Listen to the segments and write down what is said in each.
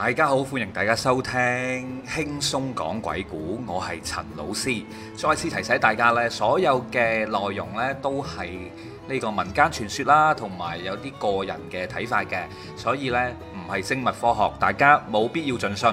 大家好，歡迎大家收聽輕鬆講鬼故，我係陳老師。再次提醒大家呢，所有嘅內容呢都係呢個民間傳說啦，同埋有啲個人嘅睇法嘅，所以呢，唔係精密科學，大家冇必要盡信。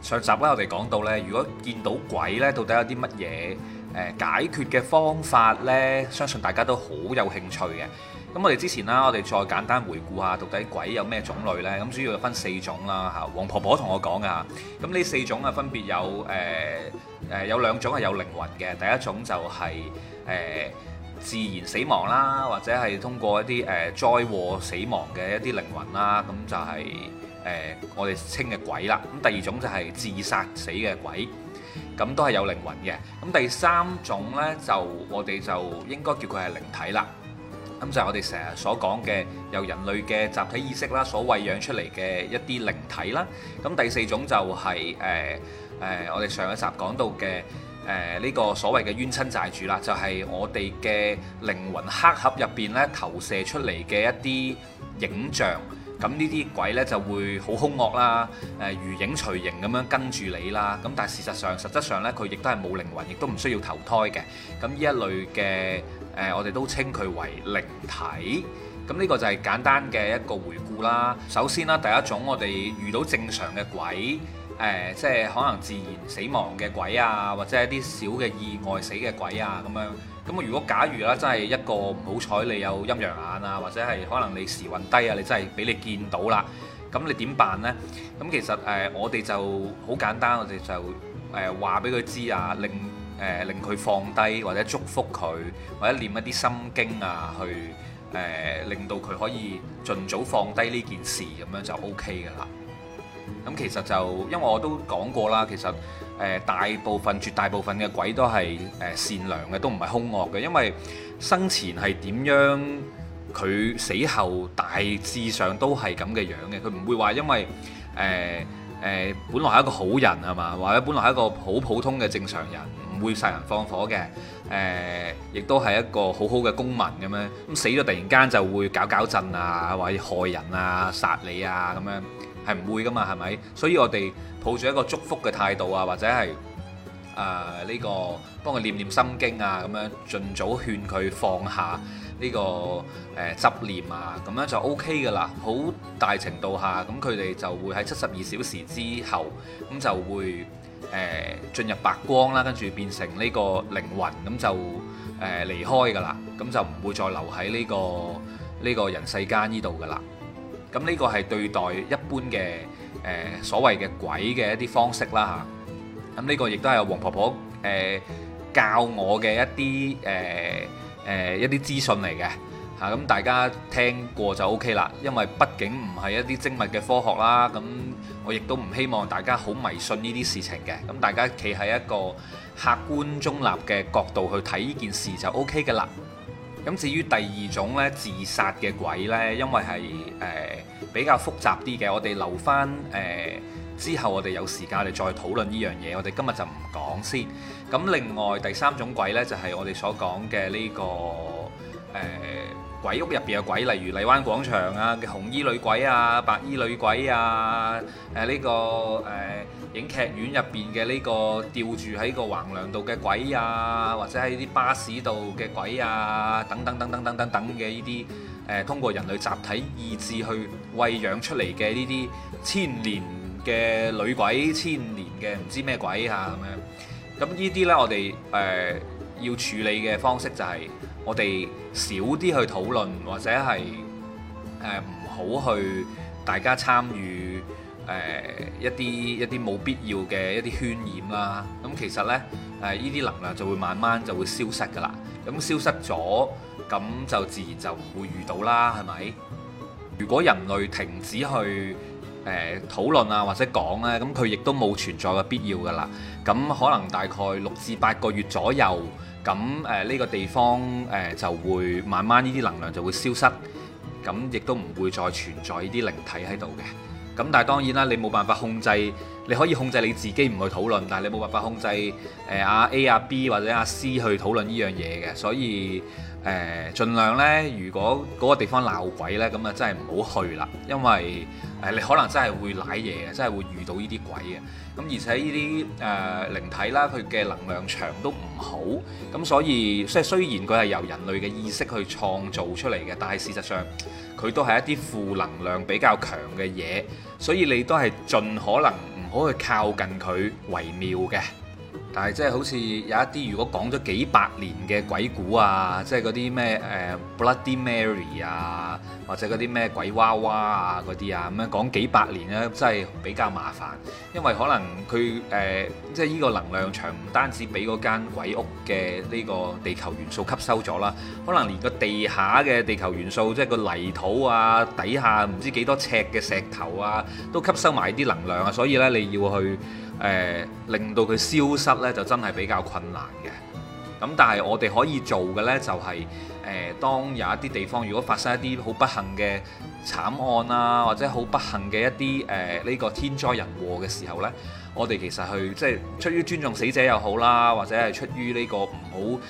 上集咧，我哋講到咧，如果見到鬼咧，到底有啲乜嘢誒解決嘅方法咧？相信大家都好有興趣嘅。咁我哋之前啦，我哋再簡單回顧下，到底鬼有咩種類咧？咁主要分四種啦吓。黃婆婆同我講噶，咁呢四種啊，分別有誒誒、呃，有兩種係有靈魂嘅。第一種就係、是、誒、呃、自然死亡啦，或者係通過一啲誒災禍死亡嘅一啲靈魂啦，咁就係、是。誒，我哋稱嘅鬼啦，咁第二種就係自殺死嘅鬼，咁都係有靈魂嘅。咁第三種呢，就我哋就應該叫佢係靈體啦。咁就係我哋成日所講嘅，由人類嘅集體意識啦所餵養出嚟嘅一啲靈體啦。咁第四種就係誒誒，我哋上一集講到嘅誒呢個所謂嘅冤親債主啦，就係我哋嘅靈魂黑盒入邊呢投射出嚟嘅一啲影像。咁呢啲鬼呢，就會好兇惡啦，誒、呃、如影隨形咁樣跟住你啦，咁但係事實上，實質上呢，佢亦都係冇靈魂，亦都唔需要投胎嘅。咁呢一類嘅誒、呃，我哋都稱佢為靈體。咁呢個就係簡單嘅一個回顧啦。首先啦、啊，第一種我哋遇到正常嘅鬼，誒、呃、即係可能自然死亡嘅鬼啊，或者一啲小嘅意外死嘅鬼啊咁樣。咁如果假如啦，真係一個唔好彩，你有陰陽眼啊，或者係可能你時運低啊，你真係俾你見到啦，咁你點辦呢？咁其實誒、呃，我哋就好簡單，我哋就誒話俾佢知啊，令誒、呃、令佢放低，或者祝福佢，或者念一啲心經啊，去誒、呃、令到佢可以盡早放低呢件事，咁樣就 OK 噶啦。咁其實就，因為我都講過啦。其實誒、呃、大部分絕大部分嘅鬼都係誒、呃、善良嘅，都唔係兇惡嘅。因為生前係點樣，佢死後大致上都係咁嘅樣嘅。佢唔會話因為誒誒、呃呃，本來係一個好人係嘛，或者本來係一個好普通嘅正常人，唔會殺人放火嘅誒，亦都係一個好好嘅公民嘅咩？咁、嗯、死咗突然間就會搞搞震啊，或者害人啊、殺你啊咁樣。係唔會噶嘛，係咪？所以我哋抱住一個祝福嘅態度啊，或者係誒呢個幫佢念念心經啊，咁樣盡早勸佢放下呢個誒執念啊，咁樣就 OK 噶啦。好大程度下，咁佢哋就會喺七十二小時之後，咁就會誒進入白光啦，跟住變成呢個靈魂，咁就誒離開噶啦，咁就唔會再留喺呢個呢個人世間呢度噶啦。咁呢個係對待一般嘅誒、呃、所謂嘅鬼嘅一啲方式啦嚇，咁、啊、呢、這個亦都係黃婆婆誒、呃、教我嘅一啲誒誒一啲資訊嚟嘅嚇，咁、啊、大家聽過就 O K 啦，因為畢竟唔係一啲精密嘅科學啦，咁、啊、我亦都唔希望大家好迷信呢啲事情嘅，咁、啊、大家企喺一個客觀中立嘅角度去睇呢件事就 O K 嘅啦。咁至於第二種咧，自殺嘅鬼咧，因為係誒、呃、比較複雜啲嘅，我哋留翻誒、呃、之後我，我哋有時間我哋再討論呢樣嘢，我哋今日就唔講先。咁另外第三種鬼呢，就係、是、我哋所講嘅呢個誒。呃鬼屋入邊嘅鬼，例如荔灣廣場啊嘅紅衣女鬼啊、白衣女鬼啊，誒、這、呢個誒、呃、影劇院入邊嘅呢個吊住喺個橫梁度嘅鬼啊，或者喺啲巴士度嘅鬼啊，等等等等等等等嘅呢啲，誒、呃、通過人類集體意志去餵養出嚟嘅呢啲千年嘅女鬼、千年嘅唔知咩鬼啊。咁樣，咁呢啲呢，我哋誒、呃、要處理嘅方式就係、是。我哋少啲去討論，或者係誒唔好去大家參與誒一啲一啲冇必要嘅一啲渲染啦。咁、嗯、其實呢，誒呢啲能量就會慢慢就會消失㗎啦。咁、嗯、消失咗，咁就自然就唔會遇到啦，係咪？如果人類停止去誒，討論啊，或者講咧，咁佢亦都冇存在嘅必要噶啦。咁可能大概六至八個月左右，咁誒呢個地方誒就會慢慢呢啲能量就會消失，咁亦都唔會再存在呢啲靈體喺度嘅。咁但係當然啦，你冇辦法控制，你可以控制你自己唔去討論，但係你冇辦法控制誒阿 A 阿 B 或者阿 C 去討論呢樣嘢嘅，所以。誒，儘量呢，如果嗰個地方鬧鬼呢，咁啊真係唔好去啦，因為誒你可能真係會瀨嘢，真係會遇到呢啲鬼嘅。咁而且呢啲誒靈體啦，佢嘅能量場都唔好，咁所以即係雖然佢係由人類嘅意識去創造出嚟嘅，但係事實上佢都係一啲負能量比較強嘅嘢，所以你都係盡可能唔好去靠近佢為妙嘅。但係即係好似有一啲如果講咗幾百年嘅鬼故啊，即係嗰啲咩誒 Bloody Mary 啊，或者嗰啲咩鬼娃娃啊嗰啲啊，咁樣講幾百年咧，真係比較麻煩，因為可能佢誒、呃、即係呢個能量場唔單止俾嗰間鬼屋嘅呢個地球元素吸收咗啦，可能連個地下嘅地球元素，即係個泥土啊，底下唔知幾多尺嘅石頭啊，都吸收埋啲能量啊，所以呢，你要去。誒、呃、令到佢消失呢，就真係比較困難嘅。咁但係我哋可以做嘅呢，就係、是、誒、呃、當有一啲地方如果發生一啲好不幸嘅慘案啊，或者好不幸嘅一啲誒呢個天災人禍嘅時候呢，我哋其實去即係出於尊重死者又好啦，或者係出於呢個唔好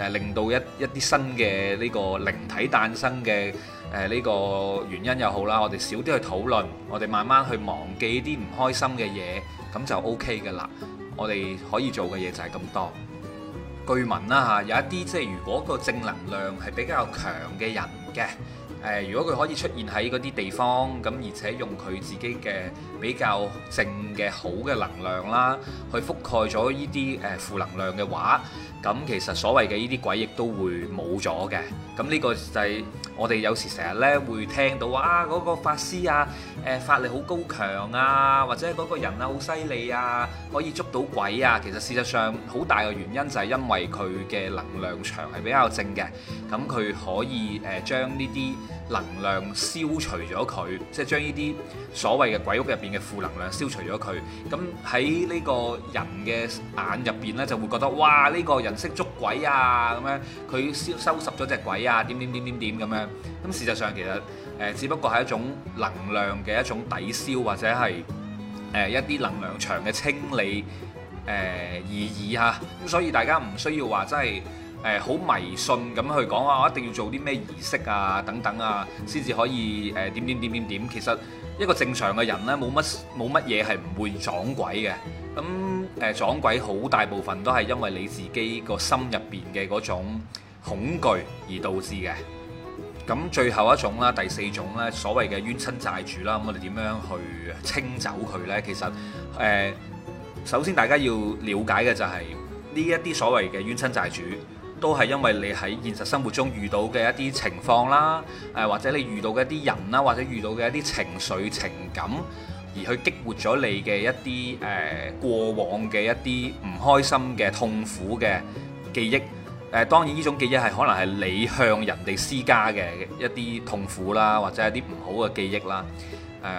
誒令到一一啲新嘅呢個靈體誕生嘅。誒呢個原因又好啦，我哋少啲去討論，我哋慢慢去忘記啲唔開心嘅嘢，咁就 OK 嘅啦。我哋可以做嘅嘢就係咁多。據聞啦嚇，有一啲即係如果個正能量係比較強嘅人嘅，誒如果佢可以出現喺嗰啲地方，咁而且用佢自己嘅比較正嘅好嘅能量啦，去覆蓋咗呢啲誒負能量嘅話，咁其實所謂嘅呢啲鬼亦都會冇咗嘅。咁呢個就係。我哋有時成日咧會聽到啊、嗰個法師啊，誒、呃、法力好高強啊，或者嗰個人啊好犀利啊，可以捉到鬼啊。其實事實上好大嘅原因就係因為佢嘅能量場係比較正嘅，咁佢可以誒、呃、將呢啲能量消除咗佢，即係將呢啲所謂嘅鬼屋入邊嘅負能量消除咗佢。咁喺呢個人嘅眼入邊咧就會覺得哇，呢、呢個人識捉鬼啊咁樣，佢收收拾咗隻鬼啊點點點點點咁樣。咁事實上其實誒、呃，只不過係一種能量嘅一種抵消，或者係誒、呃、一啲能量場嘅清理誒而已嚇。咁、呃啊、所以大家唔需要話真係誒好迷信咁去講啊，我一定要做啲咩儀式啊等等啊，先至可以誒點點點點點。其實一個正常嘅人呢，冇乜冇乜嘢係唔會撞鬼嘅。咁、啊、誒、呃、撞鬼好大部分都係因為你自己個心入邊嘅嗰種恐懼而導致嘅。咁最後一種啦，第四種咧，所謂嘅冤親債主啦，咁我哋點樣去清走佢咧？其實誒、呃、首先大家要了解嘅就係、是、呢一啲所謂嘅冤親債主，都係因為你喺現實生活中遇到嘅一啲情況啦，誒、呃、或者你遇到嘅一啲人啦，或者遇到嘅一啲情緒情感，而去激活咗你嘅一啲誒、呃、過往嘅一啲唔開心嘅痛苦嘅記憶。誒當然，呢種記憶係可能係你向人哋施加嘅一啲痛苦啦，或者一啲唔好嘅記憶啦。誒、呃，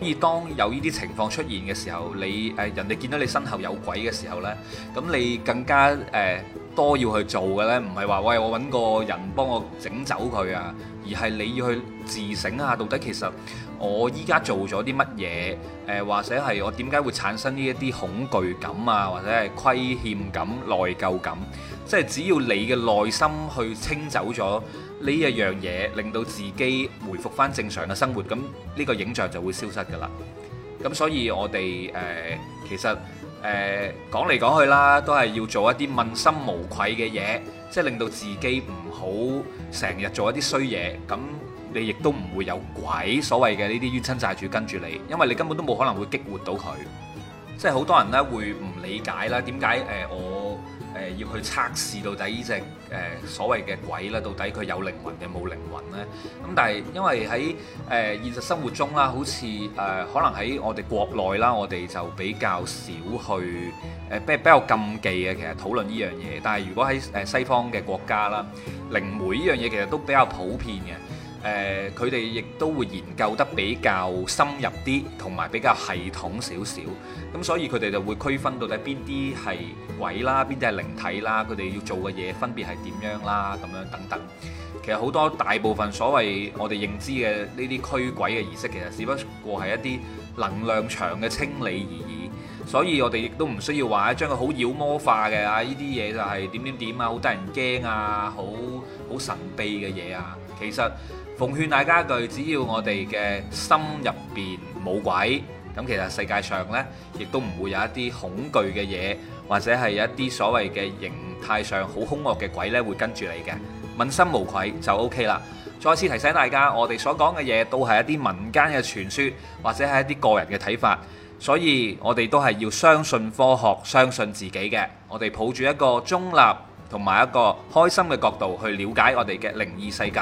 而當有呢啲情況出現嘅時候，你誒、呃、人哋見到你身後有鬼嘅時候呢，咁你更加誒、呃、多要去做嘅呢，唔係話喂我揾個人幫我整走佢啊，而係你要去自省下到底其實。我依家做咗啲乜嘢？誒、呃，或者係我點解會產生呢一啲恐懼感啊，或者係虧欠感、內疚感？即係只要你嘅內心去清走咗呢一樣嘢，令到自己回復翻正常嘅生活，咁呢個影像就會消失㗎啦。咁所以我哋誒、呃，其實，誒、呃，講嚟講去啦，都係要做一啲問心無愧嘅嘢，即係令到自己唔好成日做一啲衰嘢咁。你亦都唔會有鬼所謂嘅呢啲冤親債主跟住你，因為你根本都冇可能會激活到佢。即係好多人呢會唔理解啦，點解誒我誒要去測試到底呢隻誒所謂嘅鬼啦，到底佢有靈魂定冇靈魂呢？咁但係因為喺誒現實生活中啦，好似誒可能喺我哋國內啦，我哋就比較少去誒，比比較禁忌嘅其實討論呢樣嘢。但係如果喺誒西方嘅國家啦，靈媒呢樣嘢其實都比較普遍嘅。誒，佢哋亦都會研究得比較深入啲，同埋比較系統少少，咁所以佢哋就會區分到底邊啲係鬼啦，邊啲係靈體啦，佢哋要做嘅嘢分別係點樣啦，咁樣等等。其實好多大部分所謂我哋認知嘅呢啲驅鬼嘅儀式，其實只不過係一啲能量場嘅清理而已，所以我哋亦都唔需要話將佢好妖魔化嘅啊！呢啲嘢就係點點點啊，好得人驚啊，好好神秘嘅嘢啊，其實。奉勸大家一句，只要我哋嘅心入邊冇鬼，咁其實世界上呢亦都唔會有一啲恐懼嘅嘢，或者係有一啲所謂嘅形態上好兇惡嘅鬼呢會跟住你嘅。問心無愧就 OK 啦。再次提醒大家，我哋所講嘅嘢都係一啲民間嘅傳說，或者係一啲個人嘅睇法，所以我哋都係要相信科學，相信自己嘅。我哋抱住一個中立同埋一個開心嘅角度去了解我哋嘅靈異世界。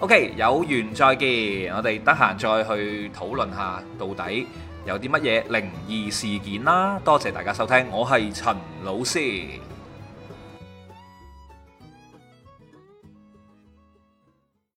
OK，有緣再見。我哋得閒再去討論下到底有啲乜嘢靈異事件啦。多謝大家收聽，我係陳老師。